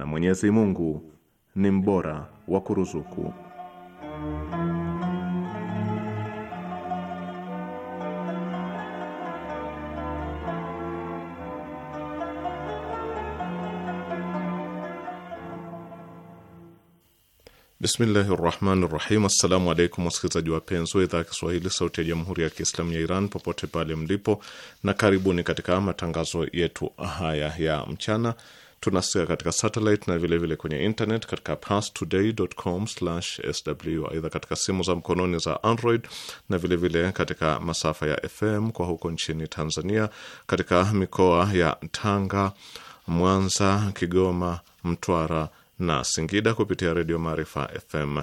na Mwenyezi Mungu ni mbora wa kuruzuku. Bismillahi rahmani rahim. Assalamu alaikum wasikilizaji wapenzi wa idhaa ya Kiswahili sauti ya jamhuri ya Kiislamu ya Iran popote pale mlipo, na karibuni katika matangazo yetu haya ya mchana tunasikia katika satellite na vilevile vile kwenye internet katika pastodaycom sw Aidha, katika simu za mkononi za Android na vilevile vile katika masafa ya FM kwa huko nchini Tanzania, katika mikoa ya Tanga, Mwanza, Kigoma, Mtwara na Singida kupitia Redio Maarifa FM.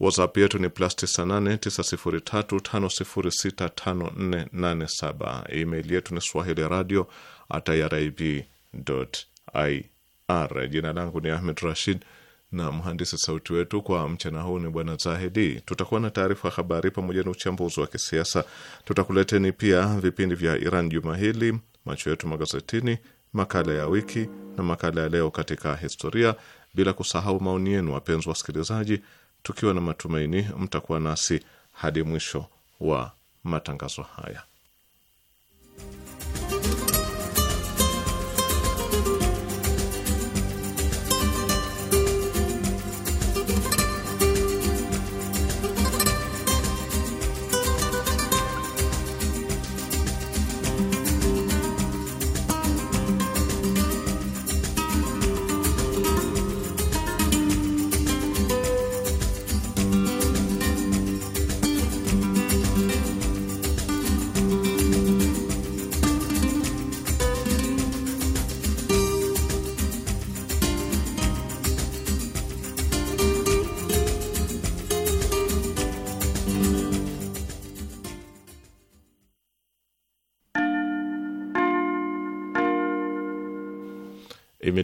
WhatsApp yetu ni plus 989035065487. Email yetu ni swahili radio at irib IR. Jina langu ni Ahmed Rashid na mhandisi sauti wetu kwa mchana huu ni bwana Zahidi. Tutakuwa na taarifa habari pamoja na uchambuzi wa kisiasa. Tutakuleteni pia vipindi vya Iran juma hili, macho yetu magazetini, makala ya wiki na makala ya leo katika historia, bila kusahau maoni yenu, wapenzi wasikilizaji, tukiwa na matumaini mtakuwa nasi hadi mwisho wa matangazo haya.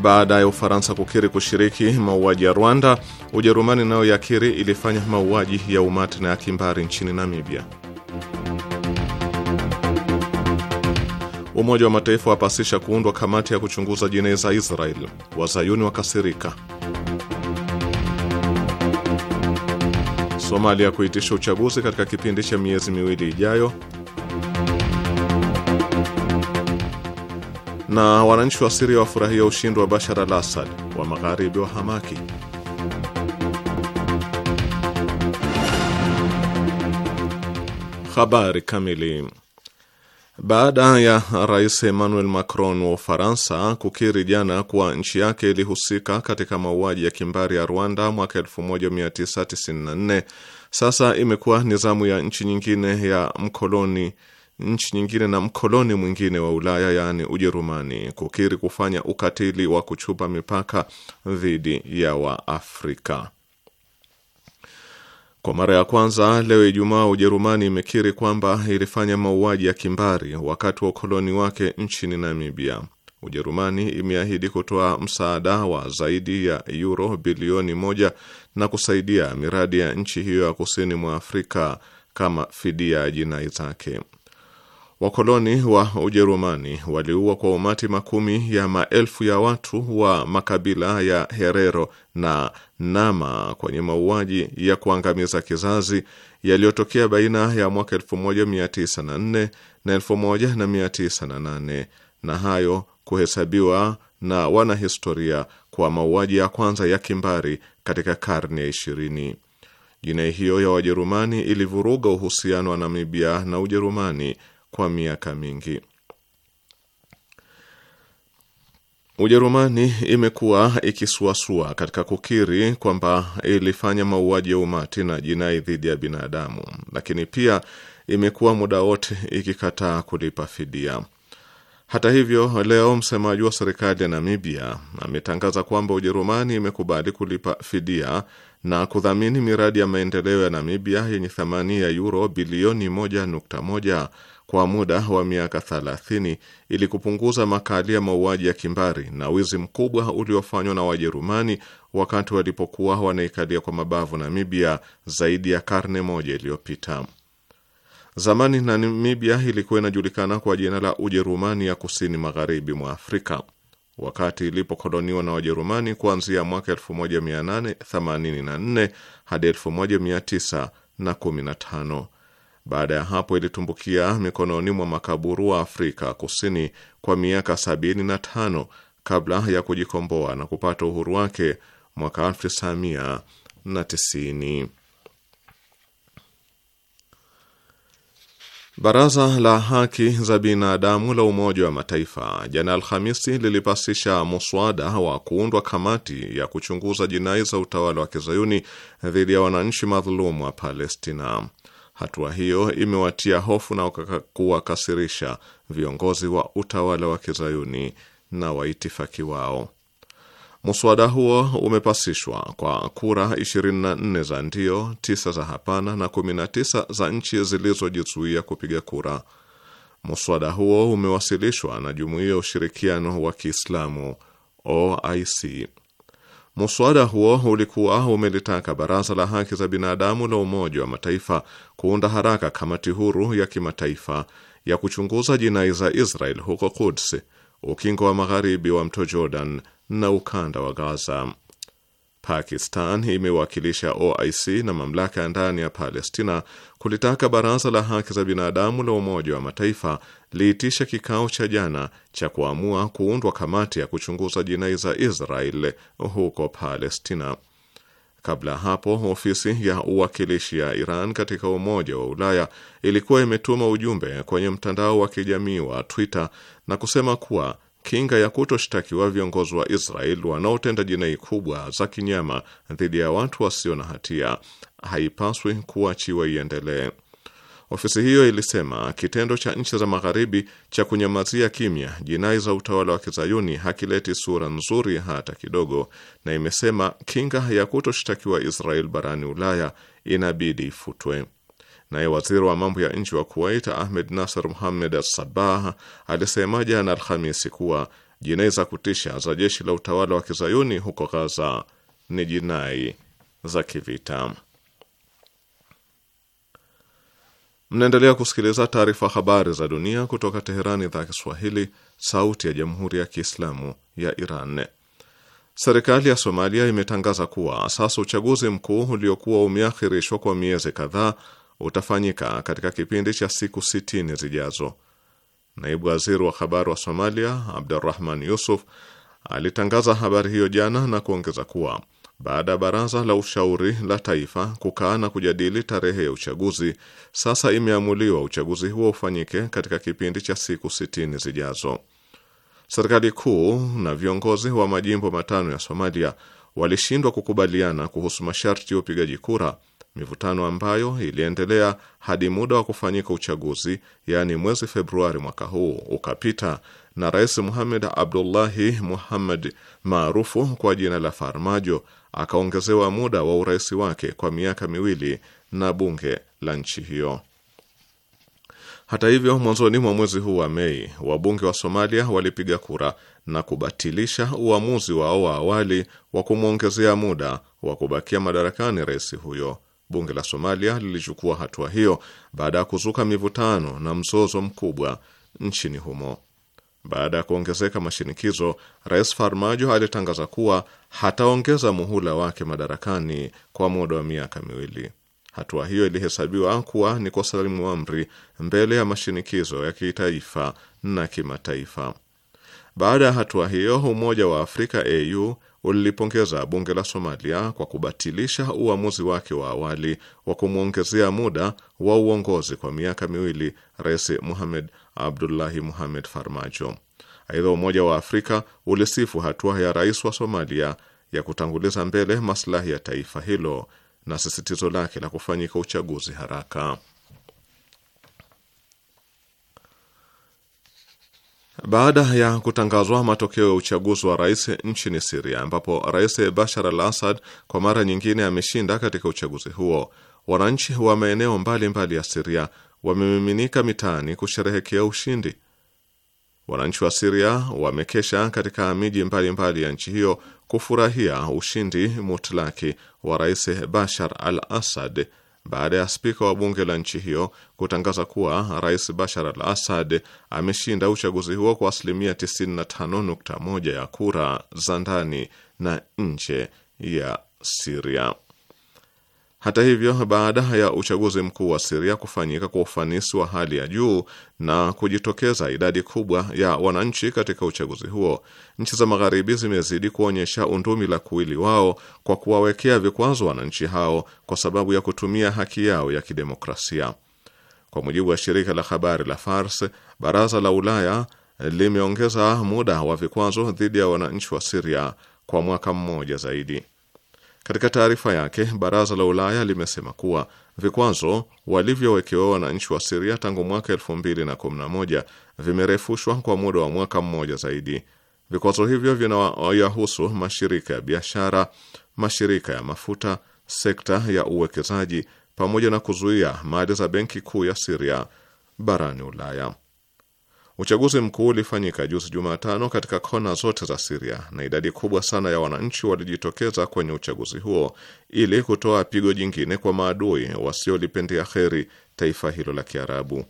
baada ya Ufaransa kukiri kushiriki mauaji ya Rwanda, Ujerumani nayo yakiri ilifanya mauaji ya umati na ya kimbari nchini Namibia. Umoja wa Mataifa wapasisha kuundwa kamati ya kuchunguza jinai za Israel. Wazayuni wakasirika. Somalia kuitisha uchaguzi katika kipindi cha miezi miwili ijayo. na wananchi wa Siria wafurahia ushindi wa Bashar al Assad, wa magharibi wa hamaki. Habari kamili. Baada ya Rais Emmanuel Macron wa Ufaransa kukiri jana kuwa nchi yake ilihusika katika mauaji ya kimbari ya Rwanda mwaka 1994, sasa imekuwa ni zamu ya nchi nyingine ya mkoloni nchi nyingine na mkoloni mwingine wa Ulaya yaani Ujerumani kukiri kufanya ukatili wa kuchupa mipaka dhidi ya Waafrika. Kwa mara ya kwanza leo Ijumaa, Ujerumani imekiri kwamba ilifanya mauaji ya kimbari wakati wa ukoloni wake nchini Namibia. Ujerumani imeahidi kutoa msaada wa zaidi ya euro bilioni moja na kusaidia miradi ya nchi hiyo ya kusini mwa Afrika kama fidia ya jinai zake. Wakoloni wa Ujerumani waliua kwa umati makumi ya maelfu ya watu wa makabila ya Herero na Nama kwenye mauaji ya kuangamiza kizazi yaliyotokea baina ya mwaka 1904 na 1908 na hayo kuhesabiwa na wanahistoria kwa mauaji ya kwanza ya kimbari katika karne ya ishirini. Jinai hiyo ya Wajerumani ilivuruga uhusiano wa Namibia na Ujerumani kwa miaka mingi. Ujerumani imekuwa ikisuasua katika kukiri kwamba ilifanya mauaji ya umati na jinai dhidi ya binadamu, lakini pia imekuwa muda wote ikikataa kulipa fidia. Hata hivyo, leo msemaji wa serikali ya Namibia ametangaza kwamba Ujerumani imekubali kulipa fidia na kudhamini miradi ya maendeleo ya Namibia yenye thamani ya euro bilioni 1.1 kwa muda wa miaka 30 ili kupunguza makali ya mauaji ya kimbari na wizi mkubwa uliofanywa na Wajerumani wakati walipokuwa wanaikalia kwa mabavu Namibia zaidi ya karne moja iliyopita. Zamani Namibia ilikuwa inajulikana kwa jina la Ujerumani ya kusini magharibi mwa Afrika wakati ilipokoloniwa na Wajerumani kuanzia mwaka 1884 hadi 1915. Baada ya hapo ilitumbukia mikononi mwa makaburu wa Afrika Kusini kwa miaka 75 kabla ya kujikomboa na kupata uhuru wake mwaka 1990. Baraza la Haki za Binadamu la Umoja wa Mataifa jana Alhamisi lilipasisha muswada wa kuundwa kamati ya kuchunguza jinai za utawala wa kizayuni dhidi ya wananchi madhulumu wa Palestina. Hatua hiyo imewatia hofu na kuwakasirisha viongozi wa utawala wa kizayuni na waitifaki wao. Muswada huo umepasishwa kwa kura 24 za ndio, 9 za hapana na 19 za nchi zilizojizuia kupiga kura. Muswada huo umewasilishwa na Jumuiya ya Ushirikiano wa Kiislamu OIC Muswada huo ulikuwa umelitaka Baraza la Haki za Binadamu la Umoja wa Mataifa kuunda haraka kamati huru ya kimataifa ya kuchunguza jinai za Israel huko Quds, Ukingo wa Magharibi wa mto Jordan na ukanda wa Gaza. Pakistan imewakilisha OIC na mamlaka ya ndani ya Palestina kulitaka baraza la haki za binadamu la Umoja wa Mataifa liitishe kikao cha jana cha kuamua kuundwa kamati ya kuchunguza jinai za Israel huko Palestina. Kabla ya hapo, ofisi ya uwakilishi ya Iran katika Umoja wa Ulaya ilikuwa imetuma ujumbe kwenye mtandao wa kijamii wa Twitter na kusema kuwa kinga ya kutoshtakiwa viongozi wa Israel wanaotenda jinai kubwa za kinyama dhidi ya watu wasio na hatia haipaswi kuachiwa iendelee. Ofisi hiyo ilisema kitendo cha nchi za Magharibi cha kunyamazia kimya jinai za utawala wa kizayuni hakileti sura nzuri hata kidogo, na imesema kinga ya kutoshtakiwa Israel barani Ulaya inabidi ifutwe. Naye waziri wa mambo ya nchi wa Kuwait Ahmed Nasser Mohamed Al-Sabah alisema jana Alhamisi kuwa jinai za kutisha za jeshi la utawala wa kizayuni huko Gaza ni jinai za kivita. Mnaendelea kusikiliza taarifa habari za dunia kutoka Teherani, idhaa Kiswahili, sauti ya jamhuri ya kiislamu ya Iran. Serikali ya Somalia imetangaza kuwa sasa uchaguzi mkuu uliokuwa umeakhirishwa kwa miezi kadhaa utafanyika katika kipindi cha siku sitini zijazo. Naibu waziri wa habari wa Somalia Abdurrahman Yusuf alitangaza habari hiyo jana na kuongeza kuwa baada ya baraza la ushauri la taifa kukaa na kujadili tarehe ya uchaguzi, sasa imeamuliwa uchaguzi huo ufanyike katika kipindi cha siku sitini zijazo. Serikali kuu na viongozi wa majimbo matano ya Somalia walishindwa kukubaliana kuhusu masharti ya upigaji kura mivutano ambayo iliendelea hadi muda wa kufanyika uchaguzi, yaani mwezi Februari mwaka huu ukapita, na Rais Muhamed Abdullahi Muhammad maarufu kwa jina la Farmajo akaongezewa muda wa urais wake kwa miaka miwili na bunge la nchi hiyo. Hata hivyo, mwanzoni mwa mwezi huu wa Mei, wabunge wa Somalia walipiga kura na kubatilisha uamuzi wao wa awali wa kumwongezea muda wa kubakia madarakani rais huyo. Bunge la Somalia lilichukua hatua hiyo baada ya kuzuka mivutano na mzozo mkubwa nchini humo. Baada ya kuongezeka mashinikizo, Rais Farmajo alitangaza kuwa hataongeza muhula wake madarakani kwa muda wa miaka miwili. Hatua hiyo ilihesabiwa kuwa ni kwa salimu amri mbele ya mashinikizo ya kitaifa na kimataifa. Baada ya hatua hiyo, Umoja wa Afrika au ulilipongeza bunge la Somalia kwa kubatilisha uamuzi wake wa awali wa kumwongezea muda wa uongozi kwa miaka miwili Rais muhamed Abdullahi Muhamed Farmajo. Aidha, Umoja wa Afrika ulisifu hatua ya rais wa Somalia ya kutanguliza mbele maslahi ya taifa hilo na sisitizo lake la kufanyika uchaguzi haraka. Baada ya kutangazwa matokeo ya uchaguzi wa rais nchini Siria, ambapo rais Bashar al Assad kwa mara nyingine ameshinda katika uchaguzi huo, wananchi wa maeneo mbalimbali ya Siria wamemiminika mitaani kusherehekea ushindi. Wananchi wa Siria wamekesha katika miji mbalimbali ya nchi hiyo kufurahia ushindi mutlaki wa rais Bashar al Assad baada ya spika wa bunge la nchi hiyo kutangaza kuwa rais Bashar al Assad ameshinda uchaguzi huo kwa asilimia 95.1 ya kura za ndani na nje ya Siria. Hata hivyo, baada ya uchaguzi mkuu wa Siria kufanyika kwa ufanisi wa hali ya juu na kujitokeza idadi kubwa ya wananchi katika uchaguzi huo, nchi za Magharibi zimezidi kuonyesha undumi la kuwili wao kwa kuwawekea vikwazo wananchi hao kwa sababu ya kutumia haki yao ya kidemokrasia. Kwa mujibu wa shirika la habari la Fars, baraza la Ulaya limeongeza muda wa vikwazo dhidi ya wananchi wa Siria kwa mwaka mmoja zaidi. Katika taarifa yake, baraza la Ulaya limesema kuwa vikwazo walivyowekewa wananchi wa Siria tangu mwaka 2011 vimerefushwa kwa muda wa mwaka mmoja zaidi. Vikwazo hivyo vinayahusu mashirika ya biashara, mashirika ya mafuta, sekta ya uwekezaji pamoja na kuzuia mali za benki kuu ya Siria barani Ulaya. Uchaguzi mkuu ulifanyika juzi Jumatano katika kona zote za Siria na idadi kubwa sana ya wananchi walijitokeza kwenye uchaguzi huo ili kutoa pigo jingine kwa maadui wasiolipendea heri taifa hilo la Kiarabu.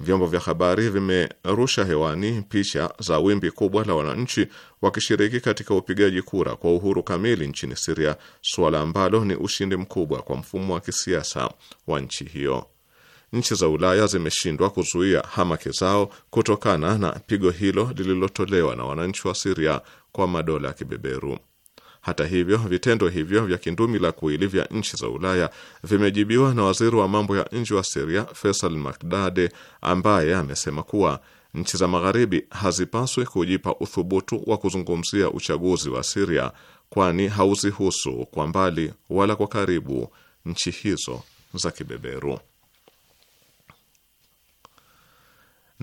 Vyombo vya habari vimerusha hewani picha za wimbi kubwa la wananchi wakishiriki katika upigaji kura kwa uhuru kamili nchini Siria, suala ambalo ni ushindi mkubwa kwa mfumo wa kisiasa wa nchi hiyo nchi za Ulaya zimeshindwa kuzuia hamaki zao kutokana na pigo hilo lililotolewa na wananchi wa Siria kwa madola ya kibeberu. Hata hivyo, vitendo hivyo vya kindumi la kuili vya nchi za Ulaya vimejibiwa na waziri wa mambo ya nje wa Siria Faisal Makdade, ambaye amesema kuwa nchi za magharibi hazipaswi kujipa uthubutu wa kuzungumzia uchaguzi wa Siria kwani hauzihusu kwa mbali wala kwa karibu nchi hizo za kibeberu.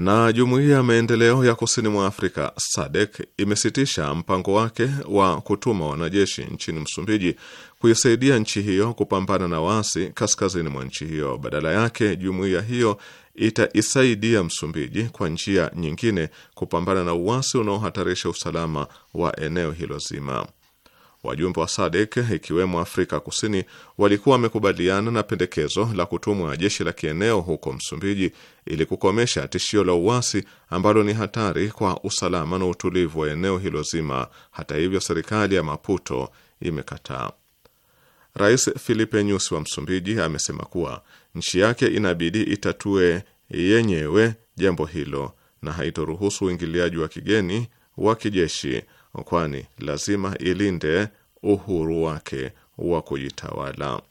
Na jumuiya ya maendeleo ya kusini mwa Afrika SADC imesitisha mpango wake wa kutuma wanajeshi nchini Msumbiji kuisaidia nchi hiyo kupambana na waasi kaskazini mwa nchi hiyo. Badala yake, jumuiya hiyo itaisaidia Msumbiji kwa njia nyingine kupambana na uasi unaohatarisha usalama wa eneo hilo zima. Wajumbe wa SADC ikiwemo Afrika Kusini walikuwa wamekubaliana na pendekezo la kutumwa jeshi la kieneo huko Msumbiji ili kukomesha tishio la uasi ambalo ni hatari kwa usalama na utulivu wa eneo hilo zima. Hata hivyo, serikali ya Maputo imekataa. Rais Filipe Nyusi wa Msumbiji amesema kuwa nchi yake inabidi itatue yenyewe jambo hilo na haitoruhusu uingiliaji wa kigeni wa kijeshi kwani lazima ilinde uhuru wake wa kujitawala.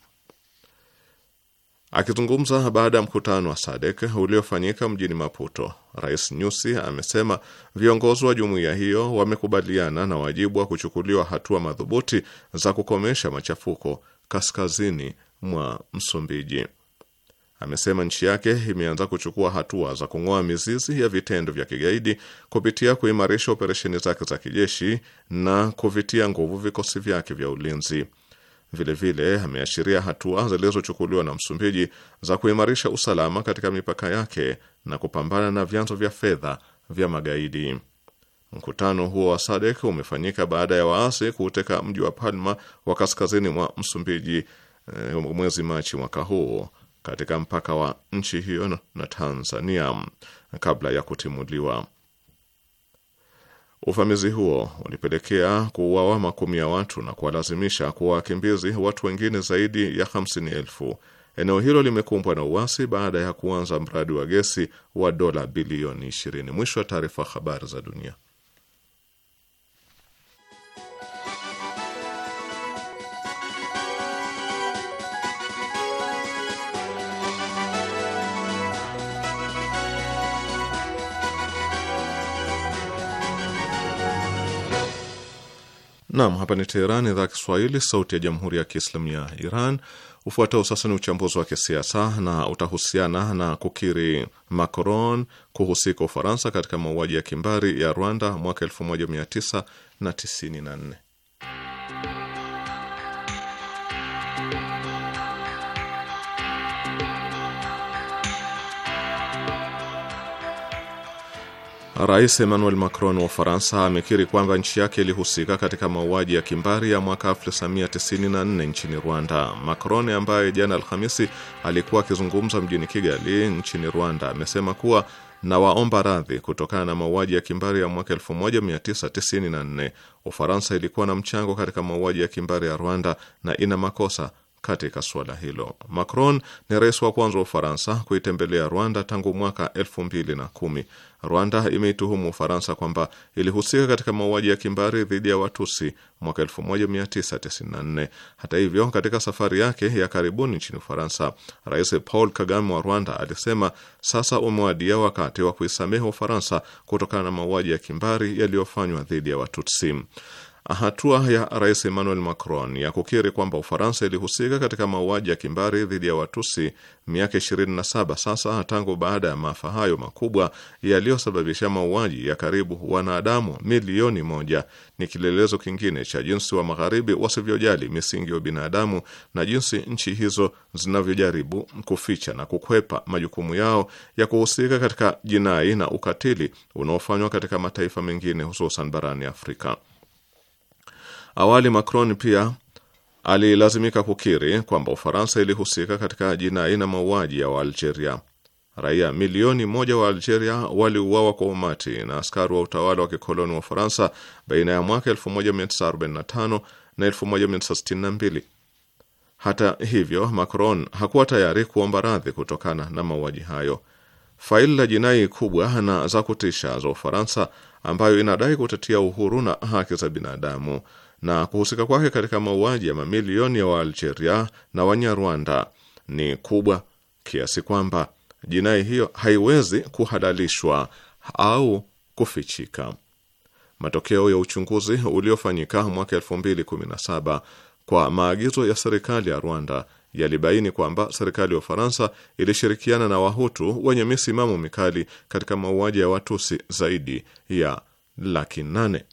Akizungumza baada ya mkutano wa SADEK uliofanyika mjini Maputo, Rais Nyusi amesema viongozi wa jumuiya hiyo wamekubaliana na wajibu wa kuchukuliwa hatua madhubuti za kukomesha machafuko kaskazini mwa Msumbiji. Amesema nchi yake imeanza kuchukua hatua za kung'oa mizizi ya vitendo vya kigaidi kupitia kuimarisha operesheni zake za kijeshi na kuvitia nguvu vikosi vyake vya ulinzi. Vilevile ameashiria hatua zilizochukuliwa na Msumbiji za kuimarisha usalama katika mipaka yake na kupambana na vyanzo vya fedha vya magaidi. Mkutano huo wa SADC umefanyika baada ya waasi kuuteka mji wa Palma wa kaskazini mwa Msumbiji eh, mwezi Machi mwaka huu katika mpaka wa nchi hiyo na Tanzania kabla ya kutimuliwa. Uvamizi huo ulipelekea kuuawa makumi ya watu na kuwalazimisha kuwa wakimbizi watu wengine zaidi ya hamsini elfu. Eneo hilo limekumbwa na uasi baada ya kuanza mradi wa gesi wa dola bilioni 20. Mwisho wa taarifa. Habari za dunia. Naam, hapa ni Teheran, idhaa ya Kiswahili, sauti ya jamhuri ya kiislamu ya Iran. Ufuatao sasa ni uchambuzi wa kisiasa na utahusiana na kukiri Macron kuhusika Ufaransa katika mauaji ya kimbari ya Rwanda mwaka 1994. Rais Emmanuel Macron wa Ufaransa amekiri kwamba nchi yake ilihusika katika mauaji ya kimbari ya mwaka 1994 nchini Rwanda. Macron ambaye jana Alhamisi alikuwa akizungumza mjini Kigali nchini Rwanda amesema kuwa na waomba radhi kutokana na mauaji ya kimbari ya mwaka 1994. Ufaransa ilikuwa na mchango katika mauaji ya kimbari ya Rwanda na ina makosa katika suala hilo. Macron ni rais wa kwanza wa Ufaransa kuitembelea Rwanda tangu mwaka elfu mbili na kumi. Rwanda imeituhumu Ufaransa kwamba ilihusika katika mauaji ya kimbari dhidi ya Watusi mwaka 1994. Hata hivyo, katika safari yake ya karibuni nchini Ufaransa, Rais Paul Kagame wa Rwanda alisema sasa umewadia wakati wa kuisamehe Ufaransa kutokana na mauaji ya kimbari yaliyofanywa dhidi ya Watutsi. Hatua ya Rais Emmanuel Macron ya kukiri kwamba Ufaransa ilihusika katika mauaji ya kimbari dhidi ya Watusi miaka 27 sasa tangu baada ya maafa hayo makubwa yaliyosababisha mauaji ya karibu wanadamu milioni moja ni kielelezo kingine cha jinsi wa Magharibi wasivyojali misingi ya binadamu na jinsi nchi hizo zinavyojaribu kuficha na kukwepa majukumu yao ya kuhusika katika jinai na ukatili unaofanywa katika mataifa mengine hususan barani Afrika. Awali Macron pia alilazimika kukiri kwamba Ufaransa ilihusika katika jinai na mauaji ya Waalgeria. Raia milioni moja wa Algeria waliuawa kwa umati na askari wa utawala wa kikoloni wa Ufaransa baina ya mwaka 1945 na 1962. Hata hivyo, Macron hakuwa tayari kuomba radhi kutokana na mauaji hayo. Faili la jinai kubwa na za kutisha za Ufaransa ambayo inadai kutetea uhuru na haki za binadamu na kuhusika kwake katika mauaji ya mamilioni ya Waalgeria na Wanyarwanda ni kubwa kiasi kwamba jinai hiyo haiwezi kuhalalishwa au kufichika. Matokeo ya uchunguzi uliofanyika mwaka 2017 kwa maagizo ya serikali ya Rwanda yalibaini kwamba serikali ya Ufaransa ilishirikiana na Wahutu wenye misimamo mikali katika mauaji ya Watusi zaidi ya laki nane.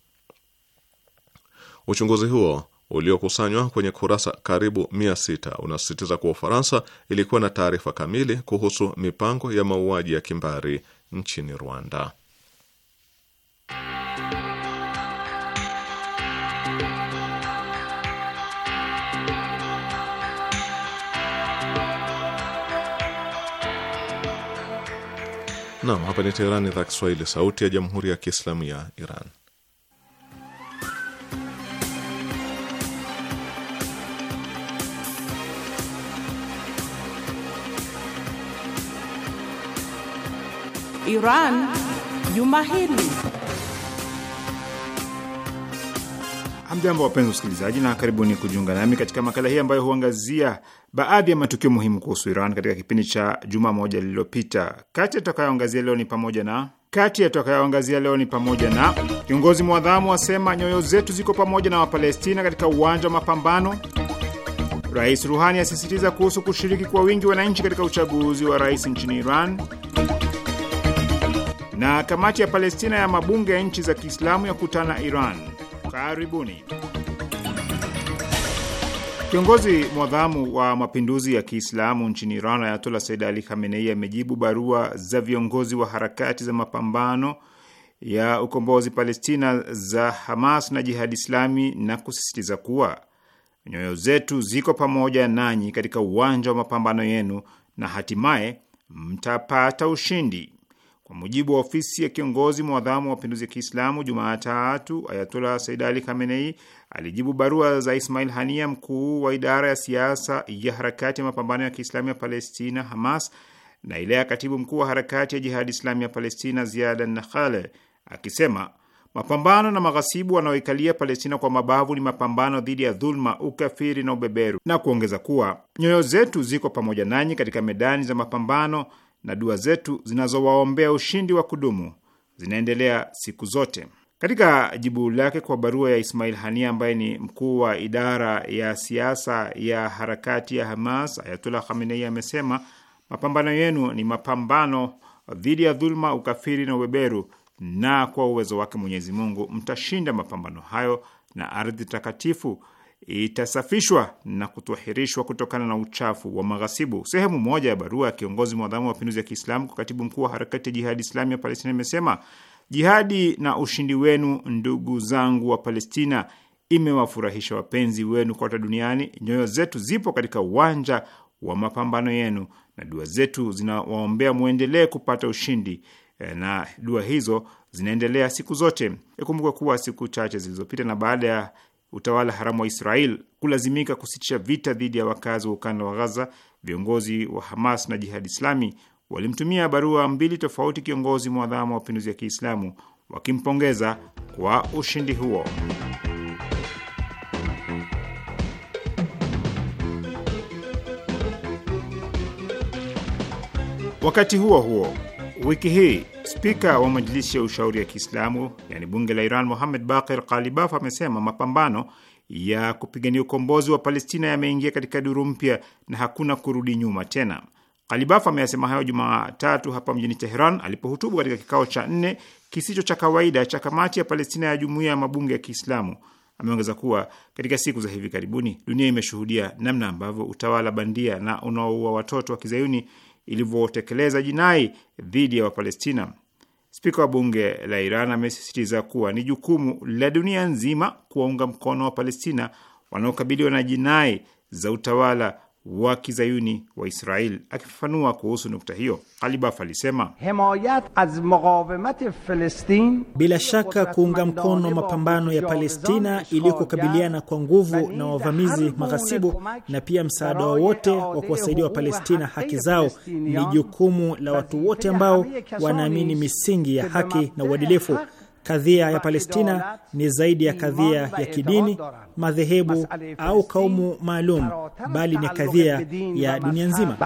Uchunguzi huo uliokusanywa kwenye kurasa karibu mia sita unasisitiza kuwa Ufaransa ilikuwa na taarifa kamili kuhusu mipango ya mauaji ya kimbari nchini Rwanda. Naam, hapa ni Teherani, idhaa Kiswahili, sauti ya jamhuri ya kiislamu ya Iran. Iran juma hili. Hamjambo wapenzi wasikilizaji, na karibuni kujiunga nami katika makala hii ambayo huangazia baadhi ya matukio muhimu kuhusu Iran katika kipindi cha juma moja lililopita. Kati ya tutakayoangazia leo ni pamoja na kati ya tutakayoangazia leo ni pamoja na kiongozi mwadhamu asema nyoyo zetu ziko pamoja na Wapalestina katika uwanja wa mapambano. Rais Ruhani asisitiza kuhusu kushiriki kwa wingi wananchi katika uchaguzi wa rais nchini Iran na kamati ya Palestina ya mabunge ya nchi za Kiislamu ya kutana Iran. Karibuni. Kiongozi mwadhamu wa mapinduzi ya Kiislamu nchini Iran Ayatola Said Ali Khamenei amejibu barua za viongozi wa harakati za mapambano ya ukombozi Palestina za Hamas na Jihadi Islami na kusisitiza kuwa nyoyo zetu ziko pamoja nanyi katika uwanja wa mapambano yenu na hatimaye mtapata ushindi. Kwa mujibu wa ofisi ya kiongozi mwadhamu wa mapinduzi ya Kiislamu, Jumatatu Ayatola Said Ali Khamenei alijibu barua za Ismail Hania, mkuu wa idara ya siasa ya harakati ya mapambano ya Kiislamu ya Palestina, Hamas, na ile ya katibu mkuu wa harakati ya Jihadi Islamu ya Palestina, Ziada Nakhale, akisema mapambano na maghasibu wanaoikalia Palestina kwa mabavu ni mapambano dhidi ya dhuluma, ukafiri na ubeberu, na kuongeza kuwa nyoyo zetu ziko pamoja nanyi katika medani za mapambano na dua zetu zinazowaombea ushindi wa kudumu zinaendelea siku zote. Katika jibu lake kwa barua ya Ismail Hania ambaye ni mkuu wa idara ya siasa ya harakati ya Hamas, Ayatullah Khamenei amesema mapambano yenu ni mapambano dhidi ya dhuluma, ukafiri na ubeberu, na kwa uwezo wake Mwenyezi Mungu mtashinda mapambano hayo na ardhi takatifu itasafishwa na kutwahirishwa kutokana na uchafu wa maghasibu. Sehemu moja ya barua ya kiongozi mwadhamu wa mapinduzi ya Kiislamu kwa katibu mkuu wa harakati ya Jihadi Islami ya Palestina imesema jihadi na ushindi wenu, ndugu zangu wa Palestina, imewafurahisha wapenzi wenu kote duniani. Nyoyo zetu zipo katika uwanja wa mapambano yenu na dua zetu zinawaombea mwendelee kupata ushindi, eh, na dua hizo zinaendelea siku zote. Ikumbukwe kuwa siku chache zilizopita na baada ya utawala haramu wa Israel kulazimika kusitisha vita dhidi ya wakazi wa ukanda wa Ghaza, viongozi wa Hamas na Jihadi Islami walimtumia barua mbili tofauti kiongozi mwadhamu wa mapinduzi ya Kiislamu wakimpongeza kwa ushindi huo. Wakati huo huo wiki hii. Spika wa Majlisi ya Ushauri ya Kiislamu, yani bunge la Iran, Muhamed Bakir Kalibaf amesema mapambano ya kupigania ukombozi wa Palestina yameingia katika duru mpya na hakuna kurudi nyuma tena. Kalibaf ameyasema hayo Jumatatu hapa mjini Teheran alipohutubu katika kikao cha nne kisicho cha kawaida cha kamati ya Palestina ya Jumuiya ya Mabunge ya Kiislamu. Ameongeza kuwa katika siku za hivi karibuni dunia imeshuhudia namna ambavyo utawala bandia na unaoua watoto wa kizayuni ilivyotekeleza jinai dhidi ya Wapalestina. Spika wa bunge la Iran amesisitiza kuwa ni jukumu la dunia nzima kuwaunga mkono wa Palestina wanaokabiliwa na jinai za utawala wa kizayuni wa Israel. Akifafanua kuhusu nukta hiyo, alibaf alisema bila shaka kuunga mkono mapambano ya Palestina ili kukabiliana kwa nguvu na wavamizi maghasibu, na pia msaada wowote wa kuwasaidia Wapalestina haki zao ni jukumu la watu wote ambao wanaamini misingi ya haki na uadilifu. Kadhia ya Palestina ni zaidi ya kadhia ya kidini, madhehebu au kaumu maalum, bali ni kadhia ya dunia nzima.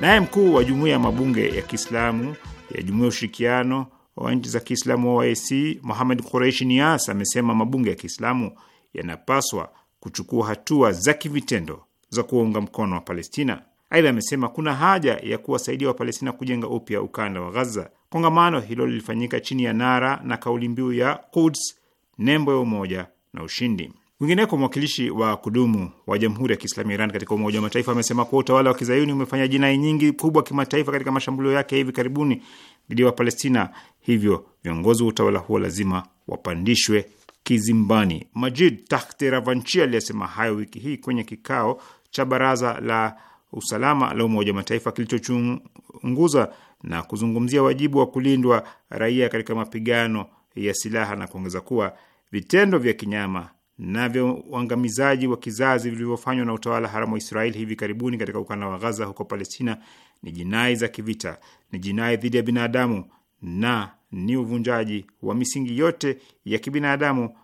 Naye mkuu wa jumuiya ya mabunge ya Kiislamu ya jumuiya ya ushirikiano wa nchi za Kiislamu wa OIC muhamed Qureishi Nias amesema mabunge ya Kiislamu yanapaswa kuchukua hatua za kivitendo za kuwaunga mkono wa Palestina. Aidha amesema kuna haja ya kuwasaidia Wapalestina kujenga upya ukanda wa gaza Kongamano hilo lilifanyika chini ya nara na kauli mbiu ya Quds, nembo ya umoja na ushindi. Kwingineko, mwakilishi wa kudumu wa Jamhuri ya Kiislamu ya Iran katika Umoja wa Mataifa amesema kuwa utawala wa kizayuni umefanya jinai nyingi kubwa kimataifa katika mashambulio yake hivi karibuni dhidi ya Wapalestina, hivyo viongozi wa utawala huo lazima wapandishwe kizimbani. Majid Tahteravanchi aliyesema hayo wiki hii kwenye kikao cha baraza la usalama la Umoja wa Mataifa kilichochunguza na kuzungumzia wajibu wa kulindwa raia katika mapigano ya silaha na kuongeza kuwa vitendo vya kinyama na vya uangamizaji wa kizazi vilivyofanywa na utawala haramu wa Israeli hivi karibuni katika ukanda wa Gaza huko Palestina ni jinai za kivita, ni jinai dhidi ya binadamu na ni uvunjaji wa misingi yote ya kibinadamu,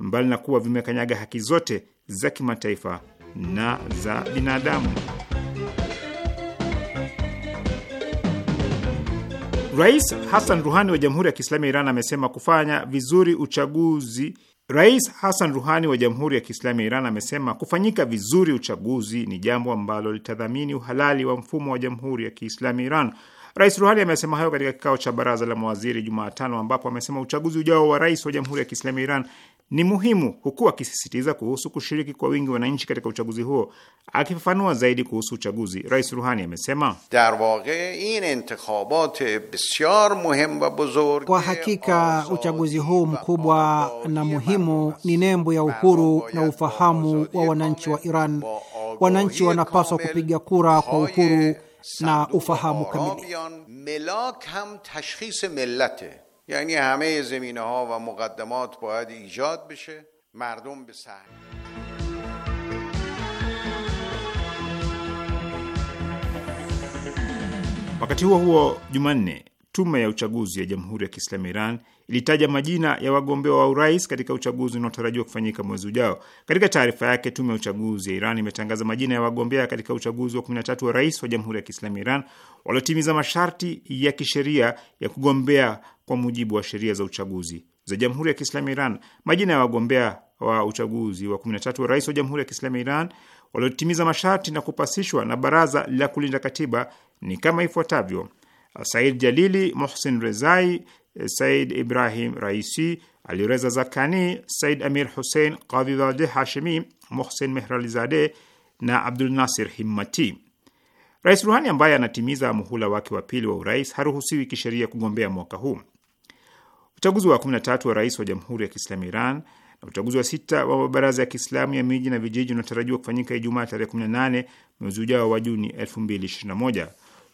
mbali na kuwa vimekanyaga haki zote za kimataifa na za binadamu. Rais Hassan Ruhani wa Jamhuri ya Kiislamu ya Iran amesema kufanya vizuri uchaguzi Rais Hassan Ruhani wa Jamhuri ya Kiislamu ya Iran amesema kufanyika vizuri uchaguzi ni jambo ambalo litadhamini uhalali wa mfumo wa Jamhuri ya Kiislamu ya Iran. Rais Ruhani amesema hayo katika kikao cha baraza la mawaziri Jumatano, ambapo amesema uchaguzi ujao wa rais wa Jamhuri ya Kiislamu ya Iran ni muhimu, huku akisisitiza kuhusu kushiriki kwa wingi wananchi katika uchaguzi huo. Akifafanua zaidi kuhusu uchaguzi, Rais Ruhani amesema kwa hakika uchaguzi huu mkubwa na muhimu ni nembo ya uhuru na ufahamu wa wananchi wa Iran. Wananchi wanapaswa kupiga kura kwa uhuru na ufahamu kamili. یعنی همه زمینه ها و مقدمات باید ایجاد بشه مردم به سهم Wakati huo huo, Jumanne, tume ya uchaguzi ya Jamhuri ya Kiislamu ilitaja majina ya wagombea wa urais katika uchaguzi unaotarajiwa kufanyika mwezi ujao. Katika taarifa yake, tume ya uchaguzi ya Iran imetangaza majina ya wagombea katika uchaguzi wa 13 wa rais wa Jamhuri ya Kiislamu ya Iran waliotimiza masharti ya kisheria ya kugombea kwa mujibu wa sheria za uchaguzi za Jamhuri ya Kiislamu ya Iran. Majina ya wagombea wa uchaguzi wa 13 wa rais wa Jamhuri ya Kiislamu ya Iran waliotimiza masharti na kupasishwa na Baraza la Kulinda Katiba ni kama ifuatavyo: Said Jalili, Mohsen Rezai, Said Ibrahim Raisi, Alireza Zakani, Said Amir Hussein Qadhizadeh Hashimi, Mohsen mehralizade na Abdul Nasir Himmati. Rais Ruhani ambaye anatimiza muhula wake wa pili wa urais haruhusiwi kisheria kugombea mwaka huu. Uchaguzi wa 13 wa rais wa Jamhuri ya Kiislamu Iran na uchaguzi wa sita wa mabaraza ya Kiislamu ya miji na vijiji unatarajiwa kufanyika Ijumaa tarehe 18 mwezi ujao wa Juni 2021.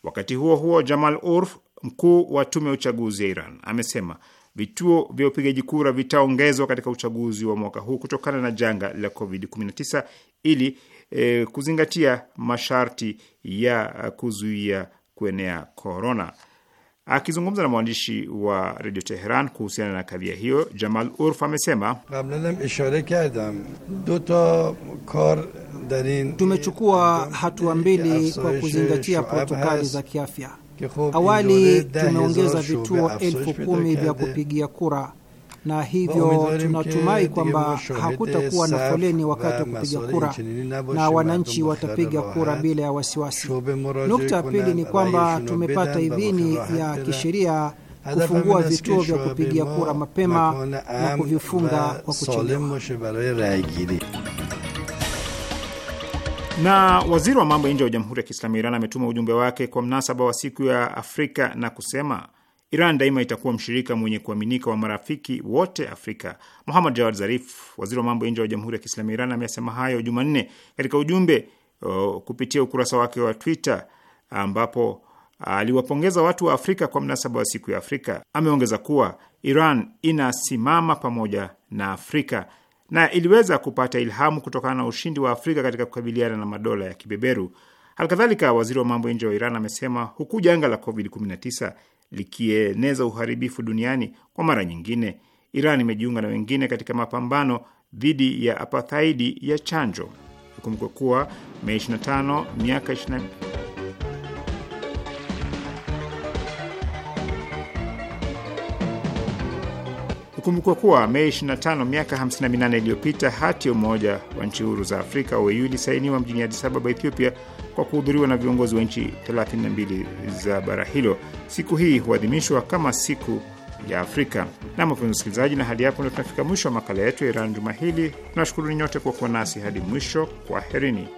Wakati huo huo, Jamal Urf, mkuu wa tume ya uchaguzi ya Iran, amesema vituo vya upigaji kura vitaongezwa katika uchaguzi wa mwaka huu kutokana na janga la COVID-19 ili e, kuzingatia masharti ya kuzuia kuenea korona. Akizungumza na mwandishi wa redio Teheran kuhusiana na kadhia hiyo, Jamal Urf amesema tumechukua hatua mbili kwa kuzingatia protokali za kiafya. Awali tumeongeza vituo elfu kumi vya kupigia kura na hivyo tunatumai kwamba hakutakuwa na foleni wakati wa kupiga kura na wananchi watapiga kura bila ya wasiwasi. Nukta ya pili ni kwamba tumepata idhini ya kisheria kufungua vituo vya kupigia kura mapema na kuvifunga kwa kuchelewa. Na waziri wa mambo ya nje wa Jamhuri ya Kiislamu ya Iran ametuma ujumbe wake kwa mnasaba wa siku ya Afrika na kusema Iran daima itakuwa mshirika mwenye kuaminika wa marafiki wote Afrika. Muhammad Jawad Zarif, waziri wa mambo ya nje wa Jamhuri ya Kiislamu ya Iran, amesema hayo Jumanne katika ujumbe uh, kupitia ukurasa wake wa Twitter ambapo aliwapongeza uh, watu wa Afrika kwa mnasaba wa siku ya Afrika. Ameongeza kuwa Iran inasimama pamoja na Afrika na iliweza kupata ilhamu kutokana na ushindi wa Afrika katika kukabiliana na madola ya kibeberu. Halikadhalika, waziri wa mambo ya nje wa Iran amesema huku janga la COVID-19 likieneza uharibifu duniani. Kwa mara nyingine, Iran imejiunga na wengine katika mapambano dhidi ya apathaidi ya chanjo. Ikumbukwe kuwa Mei 25 miaka 20 Ikumbukwa kuwa Mei 25 miaka 58 iliyopita hati ya Umoja wa Nchi Huru za Afrika OAU ilisainiwa mjini Addis Ababa, Ethiopia, kwa kuhudhuriwa na viongozi wa nchi 32 za bara hilo. Siku hii huadhimishwa kama siku ya Afrika. Na mapenzi msikilizaji, na hadi hapo ndio tunafika mwisho wa makala yetu ya Iran juma hili. Tunashukuru nyote kwa kuwa nasi hadi mwisho. Kwaherini.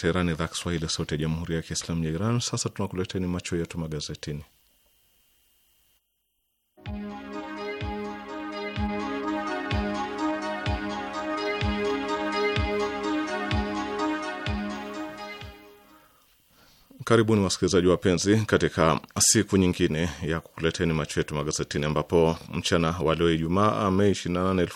Teherani, idhaa Kiswahili, sauti ya jamhuri ya kiislamu ya Iran. Sasa tunakuleteni macho yetu magazetini. Karibuni wasikilizaji wapenzi, katika siku nyingine ya kukuleteni macho yetu magazetini, ambapo mchana wa leo Ijumaa Mei 28,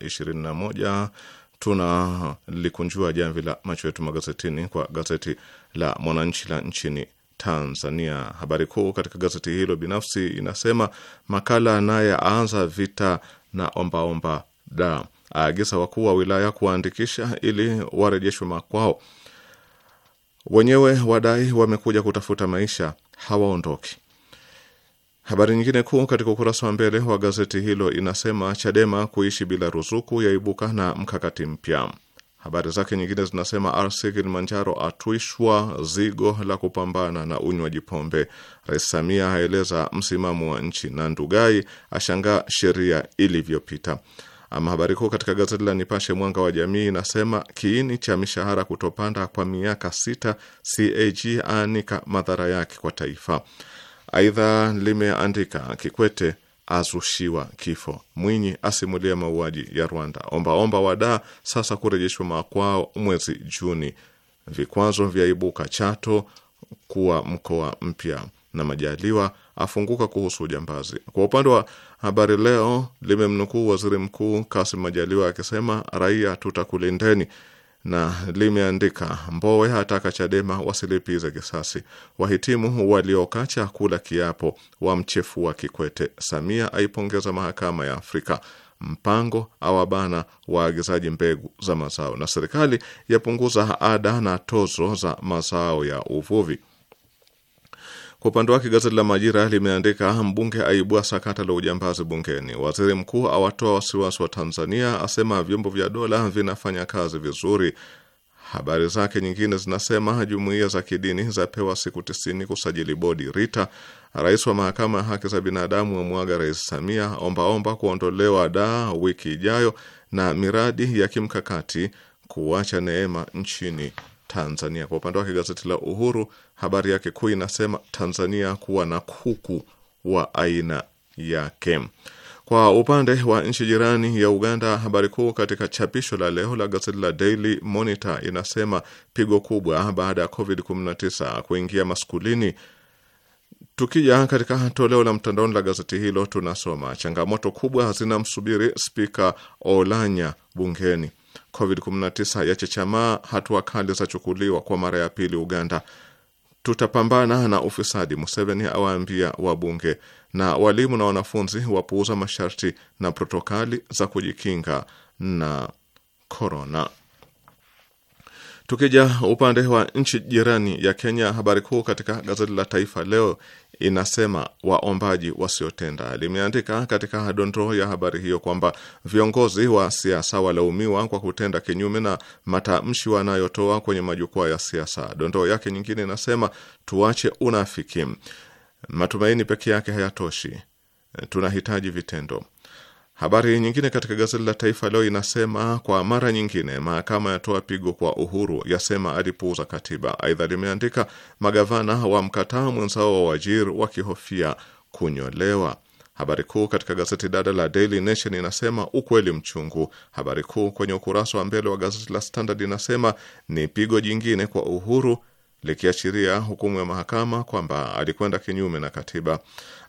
2021 tunalikunjua jamvi la macho yetu magazetini kwa gazeti la Mwananchi la nchini Tanzania. Habari kuu katika gazeti hilo binafsi inasema makala naye aanza vita na ombaomba omba da aagiza wakuu wa wilaya kuwaandikisha ili warejeshwe makwao, wenyewe wadai wamekuja kutafuta maisha hawaondoki. Habari nyingine kuu katika ukurasa wa mbele wa gazeti hilo inasema Chadema kuishi bila ruzuku yaibuka na mkakati mpya. Habari zake nyingine zinasema RC Kilimanjaro atwishwa zigo la kupambana na unywaji pombe. Rais Samia aeleza msimamo wa nchi na Ndugai ashangaa sheria ilivyopita. Ama habari kuu katika gazeti la Nipashe Mwanga wa Jamii inasema kiini cha mishahara kutopanda kwa miaka sita, CAG aanika madhara yake kwa taifa. Aidha limeandika Kikwete azushiwa kifo, Mwinyi asimulia mauaji ya Rwanda, ombaomba wadaa sasa kurejeshwa makwao mwezi Juni, vikwazo vyaibuka Chato kuwa mkoa mpya na Majaliwa afunguka kuhusu ujambazi. Kwa upande wa Habari Leo limemnukuu waziri mkuu Kasim Majaliwa akisema, raia tutakulindeni na limeandika Mbowe hataka Chadema wasilipize kisasi, wahitimu waliokacha kula kiapo wamchefua Kikwete, Samia aipongeza mahakama ya Afrika, mpango awabana waagizaji mbegu za mazao, na serikali yapunguza ada na tozo za mazao ya uvuvi. Kwa upande wake gazeti la Majira limeandika mbunge aibua sakata la ujambazi bungeni, waziri mkuu awatoa wasiwasi wa Tanzania, asema vyombo vya dola vinafanya kazi vizuri. Habari zake nyingine zinasema jumuiya za kidini zapewa siku tisini kusajili bodi RITA. Rais wa mahakama ya haki za binadamu wa mwaga Rais Samia, ombaomba kuondolewa daa wiki ijayo, na miradi ya kimkakati kuacha neema nchini Tanzania. Kwa upande wake gazeti la Uhuru habari yake kuu inasema Tanzania kuwa na kuku wa aina yake. Kwa upande wa nchi jirani ya Uganda, habari kuu katika chapisho la leo la gazeti la Daily Monitor inasema pigo kubwa baada ya COVID-19 kuingia maskulini. Tukija katika toleo la mtandaoni la gazeti hilo tunasoma changamoto kubwa hazina msubiri Spika Olanya bungeni. COVID-19 yachechamaa, hatua kali zachukuliwa kwa mara ya pili Uganda tutapambana na ufisadi, Museveni awaambia wabunge. Na walimu na wanafunzi wapuuza masharti na protokali za kujikinga na korona. Tukija upande wa nchi jirani ya Kenya, habari kuu katika gazeti la Taifa Leo inasema waombaji wasiotenda. Limeandika katika dondoo ya habari hiyo kwamba viongozi wa siasa walaumiwa kwa kutenda kinyume na matamshi wanayotoa kwenye majukwaa ya siasa. Dondoo yake nyingine inasema tuache unafiki, matumaini peke yake hayatoshi, tunahitaji vitendo. Habari nyingine katika gazeti la Taifa Leo inasema kwa mara nyingine mahakama yatoa pigo kwa Uhuru, yasema alipuuza katiba. Aidha limeandika magavana wa mkataa mwenzao wa Wajir wakihofia kunyolewa. Habari kuu katika gazeti dada la Daily Nation inasema ukweli mchungu. Habari kuu kwenye ukurasa wa mbele wa gazeti la Standard inasema ni pigo jingine kwa Uhuru, likiashiria hukumu ya mahakama kwamba alikwenda kinyume na katiba.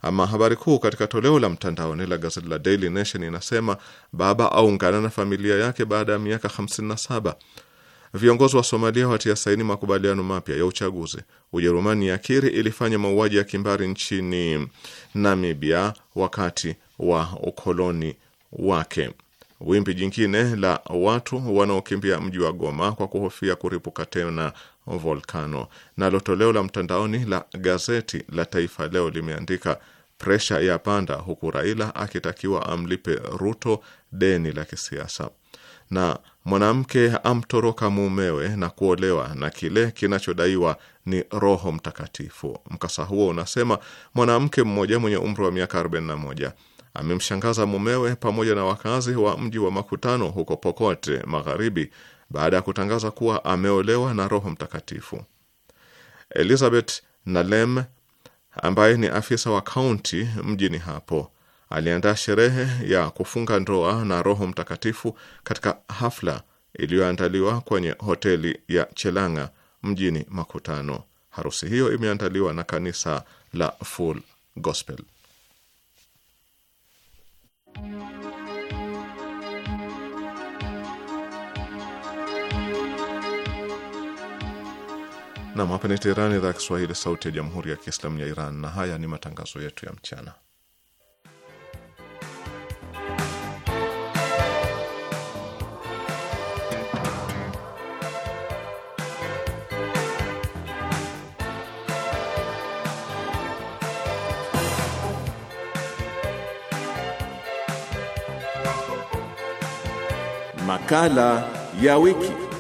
Ama habari kuu katika toleo la mtandaoni la gazeti la Daily Nation inasema baba aungana na familia yake baada ya miaka 57. Viongozi wa Somalia watia saini makubaliano mapya ya uchaguzi. Ujerumani yakiri ilifanya mauaji ya kimbari nchini Namibia wakati wa ukoloni wake. Wimbi jingine la watu wanaokimbia mji wa Goma kwa kuhofia kuripuka tena volkano. Nalo toleo la mtandaoni la gazeti la Taifa Leo limeandika Presha ya panda huku Raila akitakiwa amlipe Ruto deni la kisiasa, na mwanamke amtoroka mumewe na kuolewa na kile kinachodaiwa ni Roho Mtakatifu. Mkasa huo unasema mwanamke mmoja mwenye umri wa miaka 41 amemshangaza mumewe pamoja na wakazi wa mji wa Makutano huko Pokote Magharibi baada ya kutangaza kuwa ameolewa na Roho Mtakatifu. Elizabeth Nalem ambaye ni afisa wa kaunti mjini hapo aliandaa sherehe ya kufunga ndoa na Roho Mtakatifu katika hafla iliyoandaliwa kwenye hoteli ya Chelanga mjini Makutano. Harusi hiyo imeandaliwa na kanisa la Full Gospel. Nam, hapa ni Teherani, idhaa ya Kiswahili, sauti ya jamhuri ya kiislamu ya Iran, na haya ni matangazo yetu ya mchana. Makala ya wiki.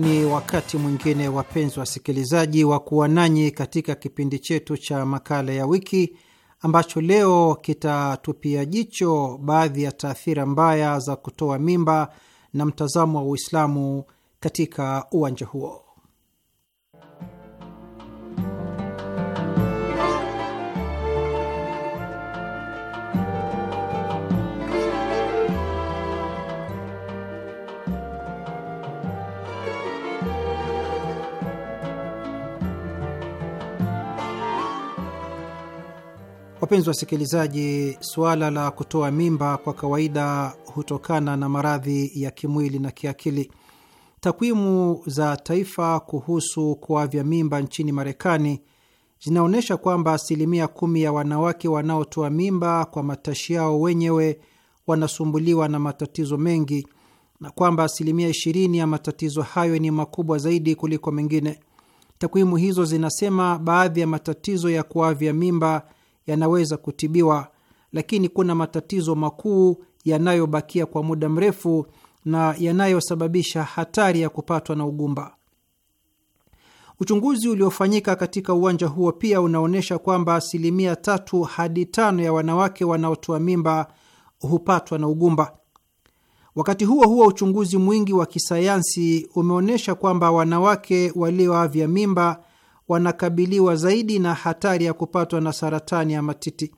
ni wakati mwingine, wapenzi wasikilizaji, wa kuwa nanyi katika kipindi chetu cha makala ya wiki ambacho leo kitatupia jicho baadhi ya taathira mbaya za kutoa mimba na mtazamo wa Uislamu katika uwanja huo. Wapenzi wasikilizaji, suala la kutoa mimba kwa kawaida hutokana na maradhi ya kimwili na kiakili. Takwimu za taifa kuhusu kuavya mimba nchini Marekani zinaonyesha kwamba asilimia kumi ya wanawake wanaotoa mimba kwa matashi yao wenyewe wanasumbuliwa na matatizo mengi na kwamba asilimia ishirini ya matatizo hayo ni makubwa zaidi kuliko mengine. Takwimu hizo zinasema baadhi ya matatizo ya kuavya mimba yanaweza kutibiwa, lakini kuna matatizo makuu yanayobakia kwa muda mrefu na yanayosababisha hatari ya kupatwa na ugumba. Uchunguzi uliofanyika katika uwanja huo pia unaonyesha kwamba asilimia tatu hadi tano ya wanawake wanaotoa mimba hupatwa na ugumba. Wakati huo huo, uchunguzi mwingi wa kisayansi umeonyesha kwamba wanawake walioavya mimba wanakabiliwa zaidi na hatari ya kupatwa na saratani ya matiti.